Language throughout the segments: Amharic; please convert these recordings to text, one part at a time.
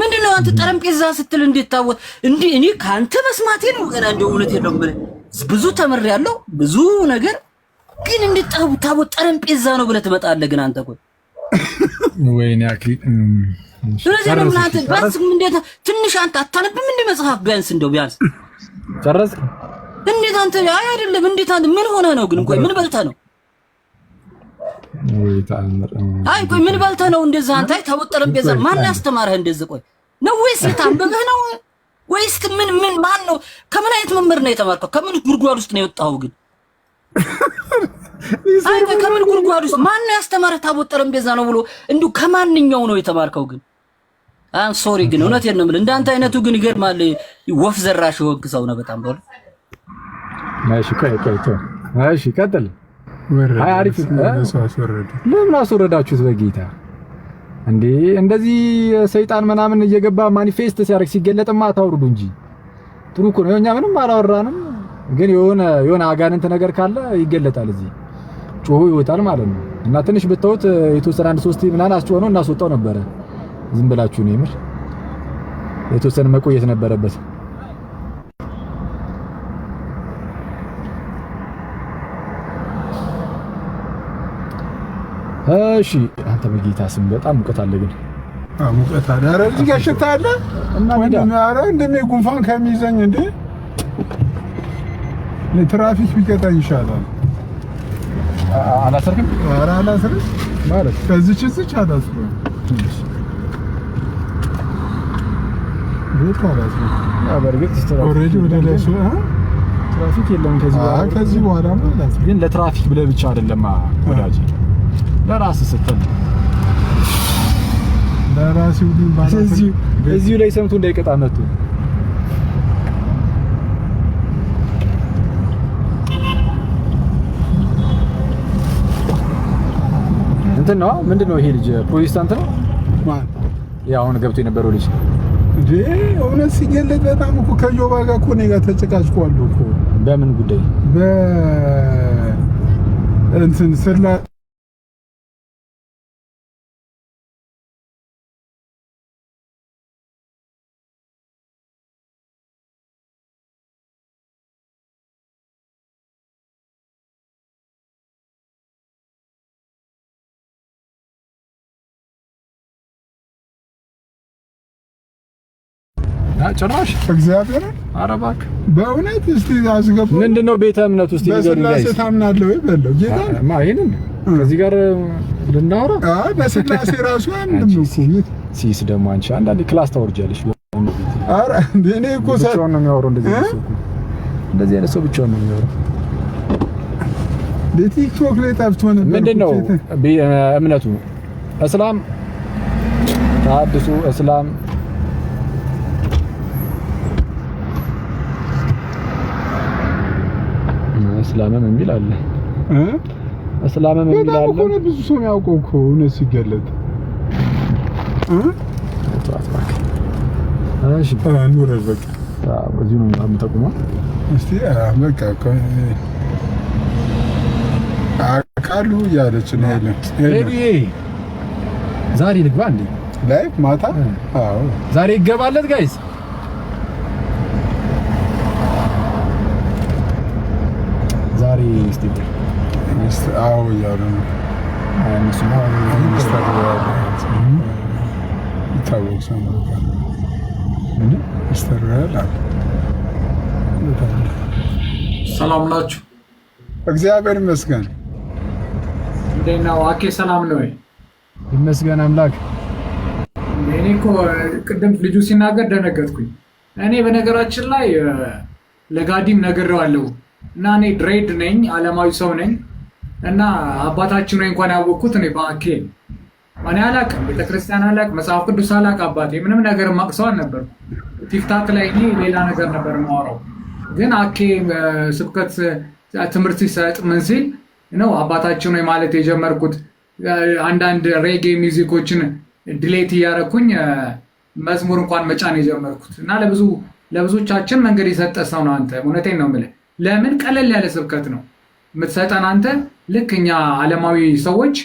ምንድነው? አንተ ጠረጴዛ ስትል እንዲታወት እንዲህ እኔ ከአንተ መስማቴ ነው ገና እንደ እውነት የለው ብለህ ብዙ ተምር ያለው ብዙ ነገር ግን እንድታው ታቦት ጠረጴዛ ነው ብለህ ትመጣለህ። ግን አንተ ቆይ ወይኔ አኪ ስለዚህ ነው እናንተ ባስ እንዴት ትንሽ አንተ አታነብም እንዴ መጽሐፍ ቢያንስ እንደው ቢያንስ ጨረስክ። እንዴት አንተ አይ አይደለም እንዴት አንተ ምን ሆነህ ነው ግን ቆይ ምን በልተህ ነው አይ ቆይ ምን በልተህ ነው እንደዚህ? አንተ አይ ታወት ጠረጴዛ ማን ያስተማረህ እንደዚህ? ቆይ ነው ወይስ የታመመህ ነው ወይስ ምን ምን ማን ነው? ከምን አይነት መምህር ነው የተማርከው? ከምን ጉድጓድ ውስጥ ነው የወጣኸው? ግን አይ ቆይ ከምን ጉድጓድ ውስጥ ማን ነው ያስተማረህ? ታወት ጠረጴዛ ነው ብሎ እንዲሁ ከማንኛው ነው የተማርከው? ግን አም ሶሪ ግን እውነቴን ነው የምልህ፣ እንዳንተ አይነቱ ግን ይገርማል። ወፍ ዘራሽ የሆንክ ሰው ነው በጣም በሉ። እሺ ቆይ ቆይ ቆይ እሺ ቀጥል ለምን አስወረዳችሁት? በጌታ እንዴ! እንደዚህ ሰይጣን ምናምን እየገባ ማኒፌስት ሲያደርግ ሲገለጥማ አታውርዱ እንጂ ጥሩ እኮ ነው። እኛ ምንም አላወራንም፣ ግን የሆነ የሆነ አጋንንት ነገር ካለ ይገለጣል፣ እዚህ ጮሆ ይወጣል ማለት ነው። እና ትንሽ ብታዩት የተወሰነ አንድ ሶስት ምናምን እናስወጣው ነበረ። ዝም ብላችሁ ነው የምር የተወሰነ መቆየት ነበረበት። እሺ አንተ በጌታ ስም በጣም ሙቀት አለ ግን ሙቀት አለ። ኧረ እዚህ ጋር ሽታ አለ ወንድሜ። ኧረ እንደኔ ጉንፋን ከሚይዘኝ እንዴ ትራፊክ ቢቀጣኝ ይሻላል። አላሰርክም? ኧረ አላሰርም ማለት ከዚች እዚች አላስርም። ትራፊክ የለም ከዚህ በኋላ ግን ለትራፊክ ብለህ ብቻ አይደለም ወዳጅ ለራስ ስትል ለራስ ሁሉ እዚሁ ላይ ሰምቶ እንዳይቀጣ መጥቶ እንትን ነው። ምንድን ነው ይሄ ልጅ? ፕሮቴስታንት ነው ማለት ያው አሁን ገብቶ የነበረው ልጅ እንዴ! እውነት ሲገለጥ በጣም እኮ ከጆባ ጋር እኮ እኔ ጋር ተጨቃጭቋል እኮ። በምን ጉዳይ? በእንትን ስላ ጭራሽ እግዚአብሔር አረባክ በእውነት እስቲ አስገቡ። ምንድነው ቤተ እምነት ውስጥ ይገርም በስላሴ ታምናለህ ወይ በለው ጌታ ማ ከዚህ ጋር ልናወራ በስላሴ ራሱ ሲስ ደግሞ አንቺ አንዳንዴ ክላስ ታወርጃለሽ። እኔ እኮ ሰው ነው የሚያወራው እንደዚህ አይነት ሰው ብቻውን ነው የሚያወራው። በቲክቶክ ላይ ጠፍቶ ነበር። ምንድነው እምነቱ እስላም ታድሱ እስላም እስላምም የሚል አለ እ እስላምም የሚል አለ በጣም ብዙ ሰው ያውቀው እኮ እውነት ሲገለጥ እ እሺ እንውረድ በቃ በዚህ ነው የምጠቁመው እስቲ በቃ አካሉ እያለች ነው ያለን ዛሬ ልግባ እንዴ ላይ ማታ አዎ ዛሬ ይገባለት ጋይስ አዎ እያሉ ነው። ሰላም ናችሁ? እግዚአብሔር ይመስገን። እንዴት ነው አኬ? ሰላም ነው ይመስገን አምላክ። እኔ እኮ ቅድም ልጁ ሲናገር ደነገጥኩኝ። እኔ በነገራችን ላይ ለጋዲም ነግሬዋለሁ እና እኔ ድሬድ ነኝ፣ አለማዊ ሰው ነኝ እና አባታችን ላይ እንኳን ያወቅኩት እኔ በአኬ እኔ አላቅም፣ ቤተክርስቲያን አላቅ፣ መጽሐፍ ቅዱስ አላቅ። አባቴ ምንም ነገር ማቅሰው አልነበር። ቲክታክ ላይ እኔ ሌላ ነገር ነበር ማወራው። ግን አኬ ስብከት ትምህርት ሲሰጥ ምን ሲል ነው አባታችን ወይ ማለት የጀመርኩት አንዳንድ ሬጌ ሚዚኮችን ድሌት እያደረኩኝ መዝሙር እንኳን መጫን የጀመርኩት እና ለብዙ ለብዙቻችን መንገድ የሰጠ ሰው ነው አንተ። እውነቴን ነው የምልህ። ለምን ቀለል ያለ ስብከት ነው የምትሰጠን አንተ ልክ እኛ ዓለማዊ ሰዎች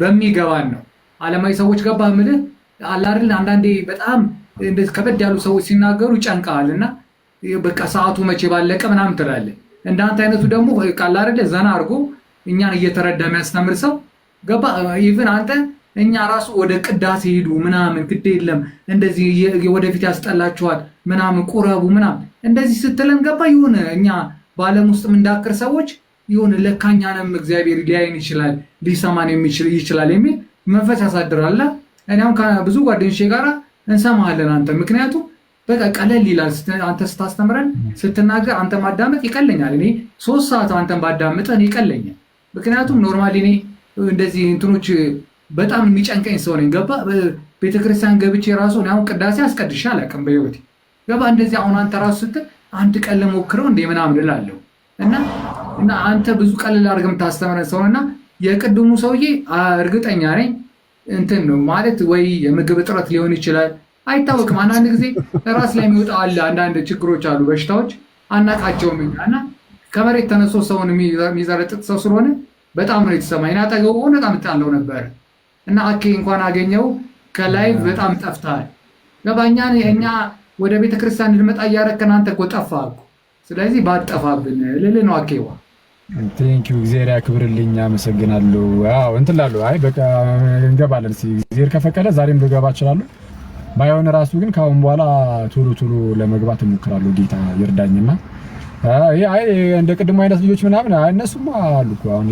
በሚገባን ነው። ዓለማዊ ሰዎች ገባ ምልህ አላርል አንዳንዴ በጣም ከበድ ያሉ ሰዎች ሲናገሩ ጨንቀሃል እና በቃ ሰዓቱ መቼ ባለቀ ምናምን ትላለህ። እንዳንተ አይነቱ ደግሞ ቃላረደ ዘና አድርጎ እኛን እየተረዳ የሚያስተምር ሰው ገባ ኢቭን አንተ እኛ ራሱ ወደ ቅዳሴ ሄዱ ምናምን ግድ የለም እንደዚህ ወደፊት ያስጠላችኋል ምናምን ቁረቡ ምናምን እንደዚህ ስትለን ገባ ይሁን እኛ በዓለም ውስጥ የምንዳክር ሰዎች የሆነ ለካ እግዚአብሔር ሊያይን ይችላል ሊሰማን ይችላል የሚል መንፈስ ያሳድራል። እኔ አሁን ብዙ ጓደኞቼ ጋር እንሰማሃለን አንተ ምክንያቱም በቃ ቀለል ይላል። አንተ ስታስተምረን ስትናገር አንተ ማዳመጥ ይቀለኛል። እኔ ሶስት ሰዓት አንተን ባዳምጠን ይቀለኛል። ምክንያቱም ኖርማሊ እኔ እንደዚህ እንትኖች በጣም የሚጨንቀኝ ሰው ነኝ። ገባ ቤተክርስቲያን ገብቼ ራሱ አሁን ቅዳሴ አስቀድሼ አላውቅም በህይወቴ። ገባ እንደዚህ አሁን አንተ ራሱ ስትል አንድ ቀን ለሞክረው እንደ ምናምን እላለሁ እና እና አንተ ብዙ ቀልል አድርገህ የምታስተምረን ሰው እና የቅድሙ ሰውዬ እርግጠኛ ነኝ እንትን ነው ማለት ወይ የምግብ እጥረት ሊሆን ይችላል፣ አይታወቅም። አንዳንድ ጊዜ ራስ ላይ የሚወጣ አለ። አንዳንድ ችግሮች አሉ፣ በሽታዎች አናቃቸውም እኛ እና ከመሬት ተነስቶ ሰውን የሚዘረጥጥ ሰው ስለሆነ በጣም ነው የተሰማኝ። እና አጠገቡ ሆነ በጣም እጣለው ነበር እና አኬ እንኳን አገኘው ከላይ በጣም ጠፍተሃል። ገባኛ እኛ ወደ ቤተክርስቲያን ልንመጣ እያረከን አንተ እኮ ጠፋህ እኮ። ስለዚህ ባጠፋብን ልልህ ነው አኬዋ ዩ እግዚአብሔር ያክብርልኝ። አመሰግናለሁ። አዎ እንትን ላሉ አይ በቃ እንገባለን። እስኪ እግዚአብሔር ከፈቀደ ዛሬም ልገባ እችላለሁ። ባይሆን ራሱ ግን ከአሁን በኋላ ቶሎ ቶሎ ለመግባት እሞክራለሁ። ጌታ ይርዳኝና አይ እንደ ቅድሞ አይነት ልጆች ምናምን እነሱማ አሉ እኮ አሁን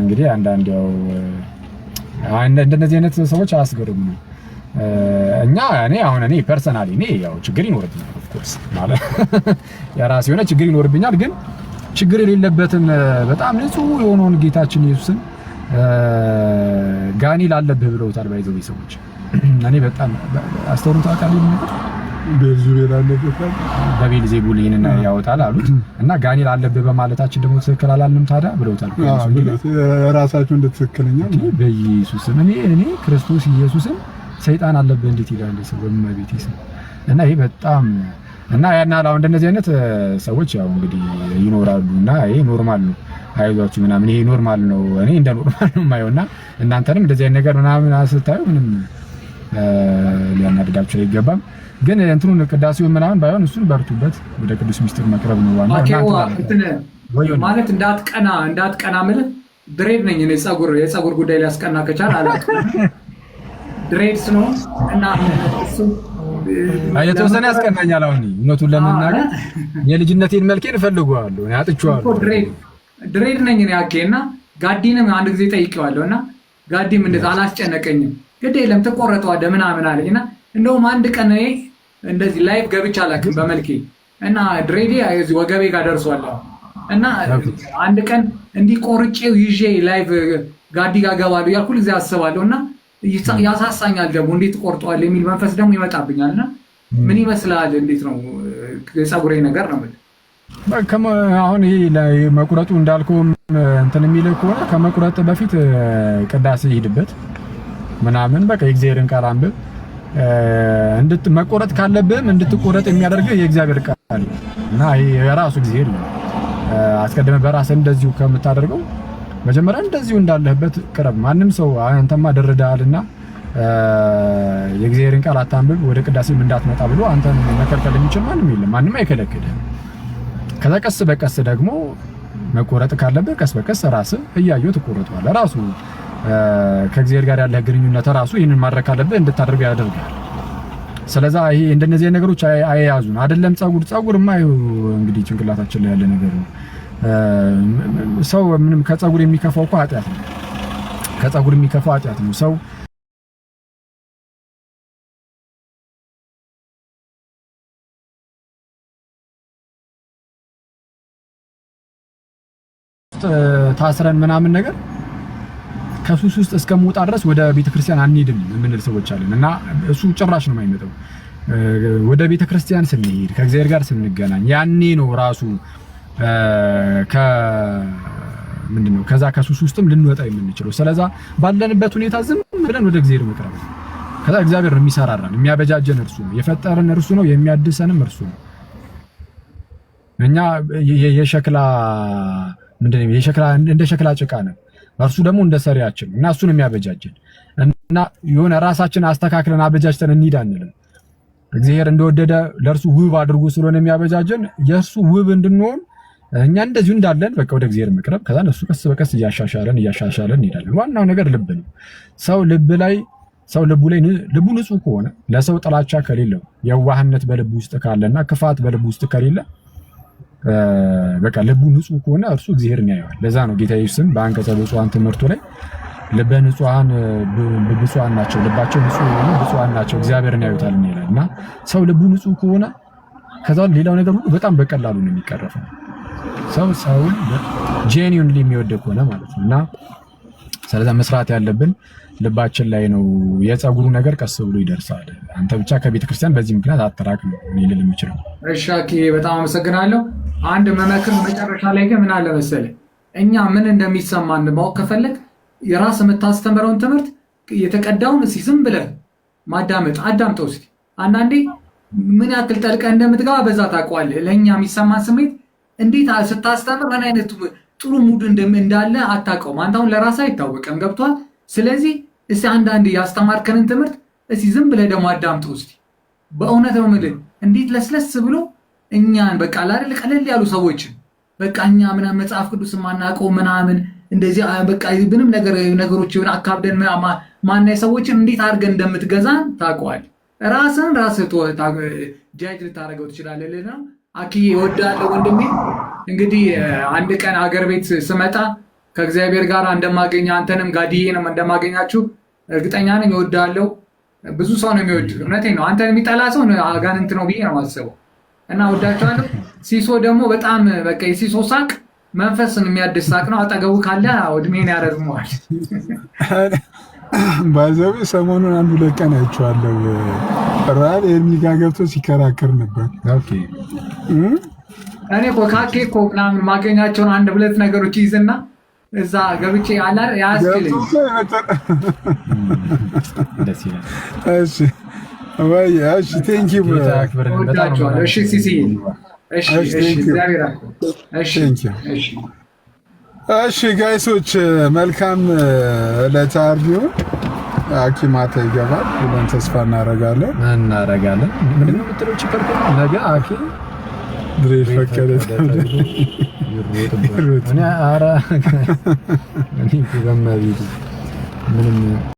እንግዲህ አንዳንድ ያው እንደነዚህ አይነት ሰዎች አያስገርሙ። እኛ እኔ አሁን እኔ ፐርሰናሊ እኔ ያው ችግር ይኖርብኛል ኦፍ ኮርስ ማለት የራሴ የሆነ ችግር ይኖርብኛል ግን ችግር የሌለበትን በጣም ንጹህ የሆነውን ጌታችን ኢየሱስን ጋኒ ላለብህ ብለውታል። ባይዘ ሰዎች እኔ በጣም አስተውሎት አካል ቤልዙቤል አለበት በቤልዜቡል ይህንን ያወጣል አሉት እና ጋኒ ላለብህ በማለታችን ደግሞ ትክክል አላልንም ታዲያ ብለውታል። ራሳቸው እንደትክክለኛ በኢየሱስም እኔ እኔ ክርስቶስ ኢየሱስን ሰይጣን አለብህ እንዴት ይላል ሰው በመቤቴ ስም እና ይሄ በጣም እና ያና አሁን እንደነዚህ አይነት ሰዎች ያው እንግዲህ ይኖራሉ እና ይሄ ኖርማል ነው። አይዟችሁ ምናምን ይሄ ኖርማል ነው። እኔ እንደ ኖርማል ነው የማየው እና እናንተንም እንደዚህ አይነት ነገር ምናምን ስታዩ ምንም ሊያናድዳችሁ አይገባም። ግን እንትኑን ቅዳሴውን ምናምን ባይሆን እሱን በርቱበት። ወደ ቅዱስ ሚስጥር መቅረብ ነው ዋናው። ማለት እንዳትቀና እንዳትቀና ምልህ ድሬድ ነኝ እኔ ጸጉር የጸጉር ጉዳይ ሊያስቀና ከቻል አላ ድሬድስ ነው እና እሱ የተወሰነ ያስቀናኛል። አሁን እውነቱን ለመናገር የልጅነቴን መልኬን እፈልገዋለሁ፣ አጥቼዋለሁ። ድሬድ ነኝ እኔ አኬ እና ጋዲንም አንድ ጊዜ ጠይቄዋለሁ እና ጋዲም እንደዛ አላስጨነቀኝም። ግድ የለም ተቆረጠዋለህ ምናምን አለኝ እና እንደውም አንድ ቀን እኔ እንደዚህ ላይፍ ገብቼ አላውቅም በመልኬ እና ድሬዴ ወገቤ ጋር ደርሷል እና አንድ ቀን እንዲህ ቆርጬው ይዤ ላይፍ ጋዲ ጋር ገባለሁ ያልኩ ጊዜ አስባለሁ እና ያሳሳኛል ደግሞ እንዴት ቆርጠዋል የሚል መንፈስ ደግሞ ይመጣብኛል። እና ምን ይመስላል? እንዴት ነው የፀጉሬ ነገር ነው አሁን ይሄ ላይ መቁረጡ እንዳልኩ እንትን የሚለው ከሆነ ከመቁረጥ በፊት ቅዳሴ ሂድበት ምናምን በቃ የእግዚአብሔርን ቃል አንብብ። መቁረጥ ካለብህም እንድትቆረጥ የሚያደርግህ የእግዚአብሔር ቃል እና የራሱ እግዚአብሔር ነው። አስቀድመህ በራስህ እንደዚሁ ከምታደርገው መጀመሪያ እንደዚሁ እንዳለህበት ቅረብ። ማንም ሰው አንተማ ደርዳሃልና የእግዚአብሔርን ቃል አታንብብ፣ ወደ ቅዳሴም እንዳትመጣ ብሎ አንተን መከልከል የሚችል ማንም የለም። ማንም አይከለክልህም። ከዛ ቀስ በቀስ ደግሞ መቆረጥ ካለብህ ቀስ በቀስ ራስህ እያየሁ ትቆረጠዋለህ። ራሱ ከእግዚአብሔር ጋር ያለህ ግንኙነት ራሱ ይህንን ማድረግ ካለብህ እንድታደርገው ያደርጋል። ስለዛ ይሄ እንደነዚህ ነገሮች አያያዙን አይደለም። ጸጉር ጸጉርማ እንግዲህ ጭንቅላታችን ላይ ያለ ነገር ነው። ሰው ምንም ከጸጉር የሚከፋው እኮ ኃጢአት ነው። ከጸጉር የሚከፋው ኃጢአት ነው ሰው ታስረን ምናምን ነገር ከሱስ ውስጥ እስከምወጣ ድረስ ወደ ቤተክርስቲያን አንሄድም የምንል ሰዎች አለን። እና እሱ ጭራሽ ነው የማይመጣው። ወደ ቤተክርስቲያን ስንሄድ ከእግዚአብሔር ጋር ስንገናኝ ያኔ ነው ራሱ ምንድን ነው ከዛ ከሱስ ውስጥም ልንወጣ የምንችለው። ስለዛ ባለንበት ሁኔታ ዝም ብለን ወደ እግዚአብሔር መቅረብ ነው። ከዛ እግዚአብሔር የሚሰራራን የሚያበጃጀን እርሱ ነው፣ የፈጠረን እርሱ ነው፣ የሚያድሰንም እርሱ ነው። እኛ የሸክላ ምንድን ነው የሸክላ እንደ ሸክላ ጭቃ ነን፣ እርሱ ደግሞ እንደ ሰሪያችን እና እሱን የሚያበጃጀን እና የሆነ ራሳችን አስተካክለን አበጃጅተን እንሂድ አንልም። እግዚአብሔር እንደወደደ ለእርሱ ውብ አድርጎ ስለሆነ የሚያበጃጀን የእርሱ ውብ እንድንሆን እኛ እንደዚሁ እንዳለን በቃ ወደ እግዚአብሔር መቅረብ፣ ከዛ እሱ ቀስ በቀስ እያሻሻለን እያሻሻለን እንሄዳለን። ዋናው ነገር ልብ ነው። ሰው ልብ ላይ ሰው ልቡ ላይ ልቡ ንጹህ ከሆነ ለሰው ጥላቻ ከሌለው የዋህነት በልቡ ውስጥ ካለና ክፋት በልቡ ውስጥ ከሌለ በቃ ልቡ ንጹህ ከሆነ እርሱ እግዚአብሔርን ያየዋል። ለዛ ነው ጌታ ኢየሱስም በአንቀጸ ብፁዓን ትምህርቱ ላይ ልበ ንጹሐን ብፁዓን ናቸው፣ ልባቸው ንጹሕ ብፁዓን ናቸው እግዚአብሔርን ያዩታል ይላል እና ሰው ልቡ ንጹህ ከሆነ ከዛ ሌላው ነገር ሁሉ በጣም በቀላሉ ነው የሚቀረፈው። ሰው ሰውን ጄኒዩንሊ የሚወደድ ከሆነ ማለት ነው እና ስለዚ መስራት ያለብን ልባችን ላይ ነው። የፀጉሩ ነገር ቀስ ብሎ ይደርሳል። አንተ ብቻ ከቤተ ክርስቲያን በዚህ ምክንያት አተራቅ ነው ልል የምችለው። እሺ በጣም አመሰግናለሁ። አንድ መመክር መጨረሻ ላይ ግን ምን አለ መሰለህ፣ እኛ ምን እንደሚሰማን ማወቅ ከፈለግ የራስ የምታስተምረውን ትምህርት የተቀዳውን እስኪ ዝም ብለህ ማዳመጥ አዳምጠው እስኪ። አንዳንዴ ምን ያክል ጠልቀህ እንደምትገባ በዛ ታውቀዋለህ። ለእኛ የሚሰማን ስሜት እንዴት ስታስተምር ምን አይነት ጥሩ ሙድ እንዳለ አታውቀውም። አንተ አሁን ለራስህ አይታወቅም። ገብቷል። ስለዚህ እስ አንዳንድ ያስተማርከንን ትምህርት እስ ዝም ብለህ ደግሞ አዳምጥ ውስጥ በእውነት ነው እንዴት ለስለስ ብሎ እኛን በቃ ላደል ቀለል ያሉ ሰዎችን በቃ እኛ ምናምን መጽሐፍ ቅዱስ ማናውቀው ምናምን እንደዚህ በቃ ምንም ነገሮች ሆን አካብደን ማናይ ሰዎችን እንዴት አድርገን እንደምትገዛን ታውቀዋል። ራስን ራስ ጃጅ ልታደርገው ትችላለህ ነው አክዬ እወድሃለሁ ወንድሜ። እንግዲህ አንድ ቀን አገር ቤት ስመጣ ከእግዚአብሔር ጋር እንደማገኘ አንተንም ጋድዬንም እንደማገኛችሁ እርግጠኛ ነኝ። እወድሃለሁ። ብዙ ሰው ነው የሚወድ። እውነቴን ነው። አንተን የሚጠላ ሰው አጋንንት ነው ብዬ ነው የማስበው። እና እወዳቸዋለሁ። ሲሶ ደግሞ በጣም በቃ የሲሶ ሳቅ መንፈስን የሚያድስ ሳቅ ነው። አጠገቡ ካለ እድሜን ያረዝመዋል። ባይዘዊ ሰሞኑን አንድ ሁለት ቀን አይቼዋለሁ። ራል ኤርሚ ጋ ገብቶ ሲከራከር ነበር። እኔ እኮ ካኬ እኮ ምናምን ማገኛቸውን አንድ ሁለት ነገሮች ይዝና እዛ ገብቼ አላር ያስችልኝ። እሺ ቴንኪው እሺ ሲሲ እሺ እሺ እግዚአብሔር እሺ እሺ እሺ ጋይሶች መልካም ዕለተ ዓርብ ይሁን። አኪማታ ይገባል ብለን ተስፋ እናረጋለን እናረጋለን። ምንም የምትለው ችግር ነገ አኪ ድሬ ፈቀደ ምንም